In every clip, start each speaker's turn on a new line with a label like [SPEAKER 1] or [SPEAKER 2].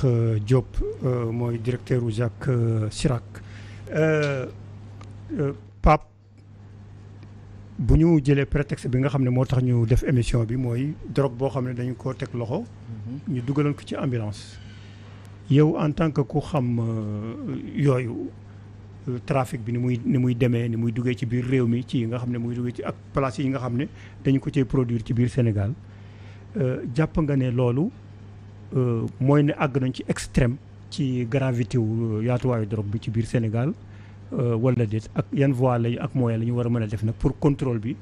[SPEAKER 1] Cheikh euh, Diop euh, mooy directeur u Jacques euh, Chirac Pape bu ñu jëlee prétexte bi nga xam ne moo tax ñu def émission bi mooy drogue boo xam ne dañu ko teg loxo mm-hmm. ñu dugaloon ko ci ambulance yow en tant que ku xam yooyu trafic bi ni muy ni muy demee ni muy duggee ci biir réew mi ci yi nga xam ne muy duggee ci ak place yi nga xam ne dañu ko cee produire ci biir Sénégal jàpp nga ne loolu Euh, mooy ne àgg nañ ci extrême ci gravité euh, yaatuwaayu drogue bi ci biir Sénégal euh, wala déet ak yan voie lañu ak moyen la ñu war a mën a def nag pour contrôle bi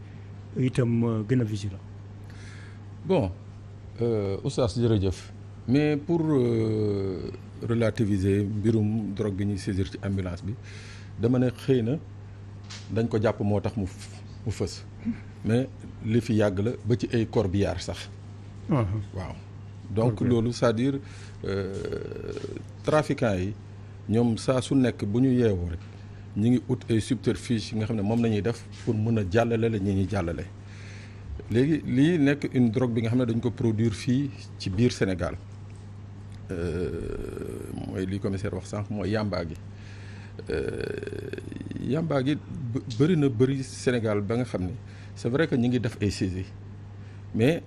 [SPEAKER 1] itam gën a vigilant.
[SPEAKER 2] bon Oustaz jërëjëf mais pour relativiser mbirum drogue bi ñuy saisir ci ambulance bi dama ne xëy na dañ ko jàpp moo tax mu mu fës mais li fi yàgg la ba ci ay corbillard sax. Ah. donc loolu saa à dire euh, trafiquants yi ñoom saa su nekk bu ñu yeewoo rek ñu ngi ut ay subterfuge yi nga xam ne moom la ñuy def pour mën a jàllale la ñi ñuy jàllale. léegi lii nekk une drogue bi nga xam ne dañu ko produire fii ci biir Sénégal euh, mooy li commissaire wax sànq mooy yàmbaa gi euh, yàmbaa gi bëri na bëri Sénégal ba nga xam ne c'est vrai que ñu ngi def ay saisies mais.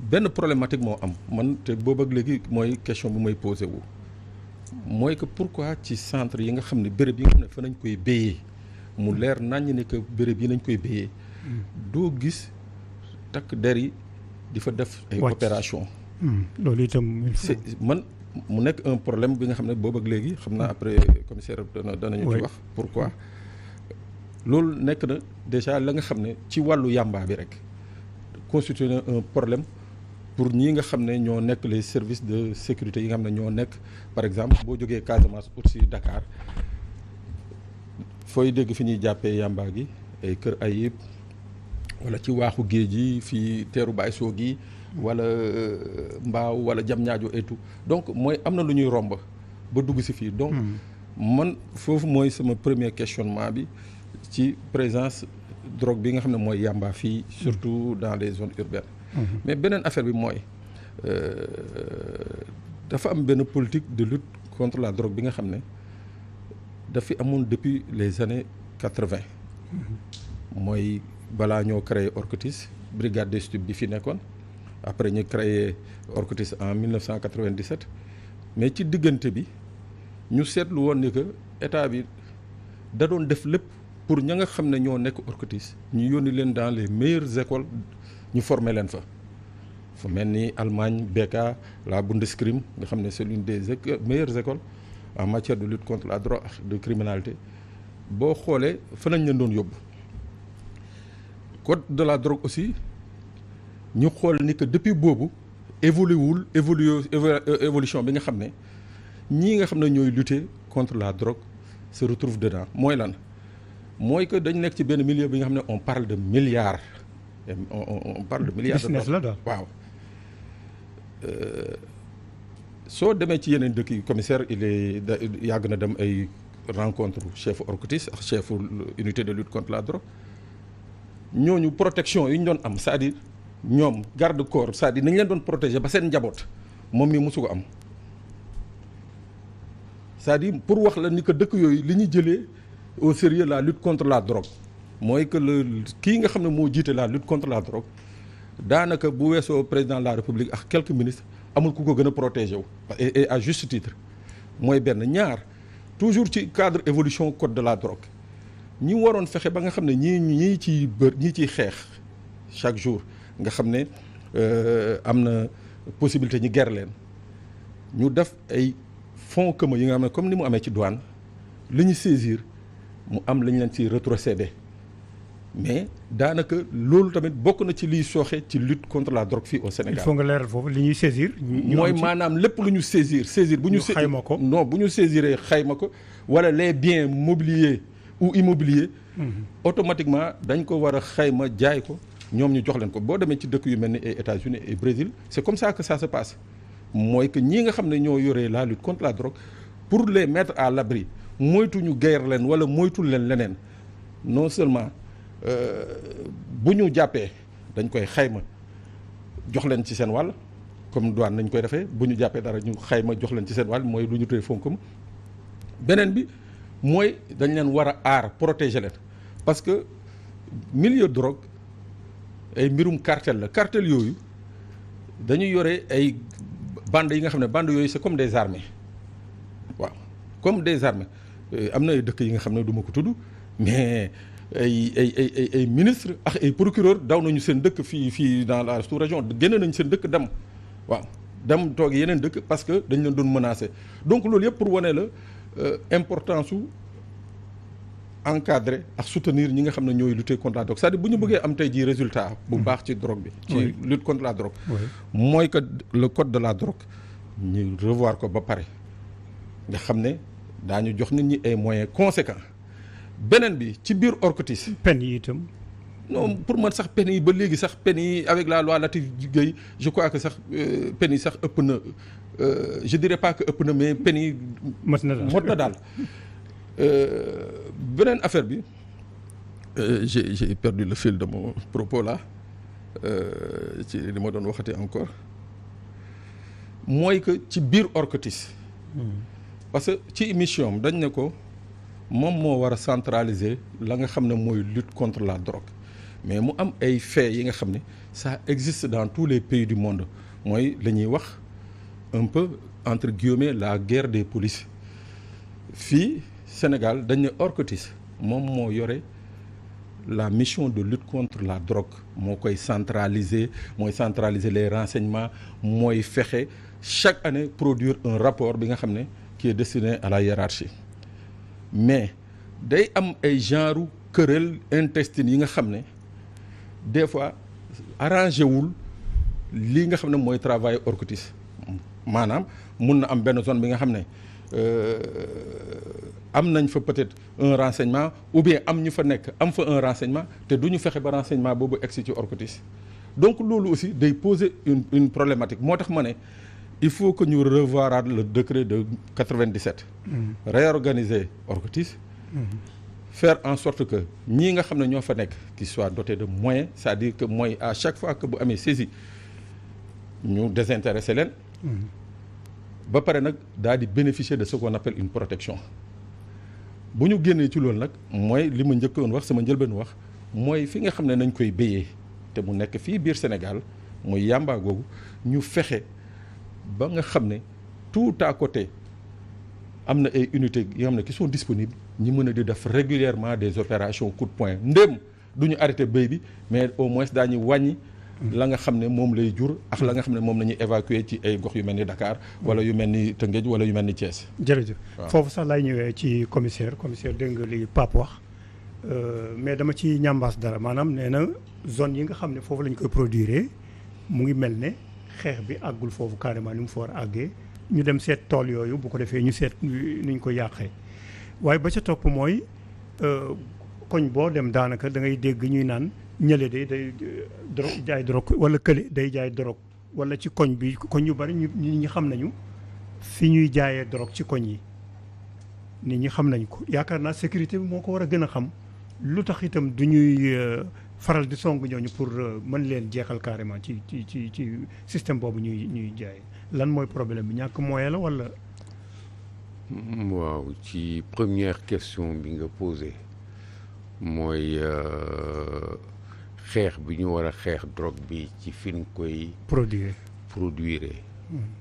[SPEAKER 2] benn problématique moo am man te boobu ak léegi mooy question bu may posé wu mooy que pourquoi ci centre yi nga xam ne béréb yi nga xam ne fa nañ koy béyee mu leer naññ ne que béréb yi nañ koy béyee doo gis takk der yi di fa def ay opération
[SPEAKER 1] hmm. loolu itam c'est
[SPEAKER 2] man mu nekk un problème bi nga xam ne boobu ak léegi xam naa après commissaire dana danañu ci wax pourquoi loolu nekk na déjà la nga xam ne ci wàllu yàmbaa bi rek constitué na problème pour ñi nga xam ne ñoo nekk les services de sécurité yi nga xam ne ñoo nekk par exemple boo jógee Casamance pour si Dakar fooy dégg fi ñuy jàppee yàmbaa gi ay Kër ay Ayib wala ci waaxu géej yi fii teeru baay soo gi wala euh, mbaaw wala jam ñaajo et donc mooy am na lu ñuy romb ba dugg si fii donc hmm. man foofu mooy sama premier questionnement bi ci présence drogue bi nga xam ne mooy yàmbaa fii surtout dans les zones urbaines Mm-hmm. mais beneen affaire bi mooy euh, dafa am benn politique de lutte contre la drogue bi nga xam ne dafi amoon depuis les années quatre-vingt mm-hmm. mooy balaa ñoo créé Orcotis brigade de stupes bi fi nekkoon après ñu créé Orcotis en 1997 mais ci diggante bi ñu seetlu woon ni que état bi da doon def lépp pour ña nga xam ne ñoo nekk Orcotis ñu yónni leen dans les meilleures écoles ñu former leen fa fu mel ni Allemagne BK la Bundeskrim nga xam ne c'est l'une des meilleures écoles en matière de lutte contre la drogue de criminalité boo xoolee fa nañ leen doon yóbbu code de la drogue aussi ñu xool ni que depuis boobu évolué wul évolué évolution bi nga xam ne ñii nga xam ne ñooy lutter contre la drogue se retrouve dedans mooy lan mooy que dañ nekk ci benn milieu bi nga xam ne on parle de milliards on on parle de milliards de la daal waaw. Euh, soo demee ci yeneen dëkk yi commissaire il est yàgg na dem ay rencontre chef OCRTIS ak chef unité de lutte contre la drogue ñooñu protection yi ñu doon am cest à ñoom garde corps c'est-à-dire leen doon protéger ba seen njaboot moom mi mosu ko am c'est-à-dire pour wax la ni ko dëkk yooyu li ñu jëlee au sérieux la lutte contre la drogue. mooy que le kii nga xam ne moo jiite la lutte contre la drogue daanaka bu weesoo président la république ak quelques ministres amul ku ko gën a protégé wu et à juste titre mooy benn ñaar toujours ci cadre évolution code de la drogue ñu waroon fexe ba nga xam ne ñii ñii ci bër ñii ciy xeex chaque jour nga xam ne euh, am na possibilité ñi ger leen ñu def ay fonds commun yi nga xam ne comme ni mu amee ci douane li ñu saisir mu am lañ leen ci rétrocédé mais daanaka loolu tamit bokk na ci liy sooxe ci lutte contre la drogue fii au Sénégal. il faut nga
[SPEAKER 1] leeral foofu li ñuy saisir. mooy
[SPEAKER 2] maanaam lépp lu ñu saisir saisir bu ñu. xayma ko no bu ñu saisiree xayma ko wala les biens mobiliers ou immobiliers. Mhm. automatiquement dañ ko war a xayma jaay ko ñoom ñu jox leen ko boo demee ci dëkk yu mel ni ay États-Unis et Brésil c'est comme ça que ça se passe mooy que ñi nga xam ne ñoo yoree la lutte contre la drogue pour les à l'abri moytu ñu guerre leen wala moytu leen leneen non seulement. Euh, bu ñu jàppee dañ koy xayma jox leen ci seen wàll comme douane nañ koy defee bu ñu jàppee dara ñu xayma jox leen ci seen wàll mooy lu ñu tuddee fonkum beneen bi mooy dañ leen war a aar protéger leen parce que milieu drogue ay mbirum cartel la cartel yooyu dañuy yore ay bande yi nga xam ne bande yooyu c'est comme des armées waaw comme des armées euh, am na ay dëkk yi nga xam ne du ma ko tudd mais ay ay ay ay ministre ak ay procureur daw nañu seen dëkk fii fii dans la sous-région génne nañu seen dëkk dem waaw dem toog yeneen dëkk parce que dañ leen doon menacé donc loolu yëpp pour wane la euh, importance su encadrer ak soutenir ñi nga xam ne ñooy lutte contre la drogue cest à bu ñu bëggee am tey jii résultat bu mm-hmm. baax ci drogue bi ci lutte contre la drogue mooy que le code de la drogue ñu revoir ko ba pare nga xam ne daañu jox nit ñi ay moyens conséquents beneen bi ci biir OCRTIS. pen yi itam. non pour man sax pen yi ba léegi sax pen yi avec la loi Latif Guèye je crois que sax euh, pen yi sax ëpp na euh, je dirais pas ëpp na mais pen yi. mot na daal na daal. Euh, beneen affaire bi j'ai j'ai perdu le fil de mon propos là ci li ma doon waxati encore mooy que ci biir OCRTIS. Hmm. parce que ci émission dañ ne ko. moom moo war a centraliser la nga xam ne mooy lutte contre la drogue mais mu am ay faits yi nga xam ne ça existe dans tous les pays du monde mooy la ñuy wax un peu entre guillemets la guerre des polices fii Sénégal dañu ne ORCOTIS moom moo yore la mission de lutte contre la drogue moo koy centraliser mooy centraliser les renseignements mooy fexe chaque année produire un rapport bi nga xam ne qui est destiné à la hiérarchie mais day am ay genre querelle intestine yi nga xam ne des fois arrangé wul lii nga xam ne mooy travail orcutis maanaam mun na am benn zone bi nga xam ne euh, am nañ fa peut-être un renseignement ou bien am ñu fa nekk am fa un renseignement te du ñu fexe ba renseignement boobu egsi ci orcutis donc loolu aussi day poser une une problématique moo tax ma ne il faut que ñu revoiraat le décret de 97. Mmh. réorganiser Orcotis. Mmh. faire en sorte que ñii nga xam ne ñoo fa nekk qui soit doté de moyens c'est-à-dire que mooy à chaque fois que bu amee saisie ñu désintéressé leen. Mm-hmm. ba pare nag daal di bénéficier de ce qu'on une protection. bu ñu génnee ci loolu nag mooy li ma njëkkoon wax sama njëlbeen wax mooy fi nga xam ne nañ koy béyee te mu nekk fii biir Sénégal muy yàmbaa googu ñu fexe. ba nga xam ne tout temps côté am na ay unités yoo xam ne qui sont disponibles ñi mën a di def régulièrement des opérations coup de poing du ñu arrêté béy bi mais au moins daa daañu wàññi. la nga xam ne moom lay jur ak la nga xam ne moom la ñuy évacuer ci ay gox yu mel ni dakaar wala yu mel ni Tëngéej wala yu mel ni Thiès. jërëjëf foofu
[SPEAKER 1] sax laay ñëwee ci commissaire commissaire dégg nga li pap wax euh, mais dama ci ñambaas dara maanaam nee na zone yi nga xam ne foofu la koy produire mu ngi mel ne. xeex bi àggul foofu carrément ni mu fa war a àggee ñu dem seet tool yooyu bu ko defee ñu seet nuñ ko yàqee waaye ba ca topp mooy euh, koñ boo dem daanaka dangay ngay dégg ñuy naan ñële de day day jaay drogue wala kële day jaay drogue wala ci koñ bi koñ yu bari ñu ñi xam nañu fi ñuy jaayee drogue ci koñ yi nit ñi xam nañ ko yaakaar naa sécurité bi moo ko war a gën a xam lu tax itam du ñuy euh, faral di song ñooñu pour euh, mën leen jeexal carrément ci ci ci ci système boobu ñuy ñuy jaay lan mooy problème bi ñàkk moyen la wala.
[SPEAKER 2] waaw ci première question bi nga posé mooy euh, xeex bi ñu war a xeex drogue bi ci fi ñu koy. produire produire.
[SPEAKER 1] Hmm.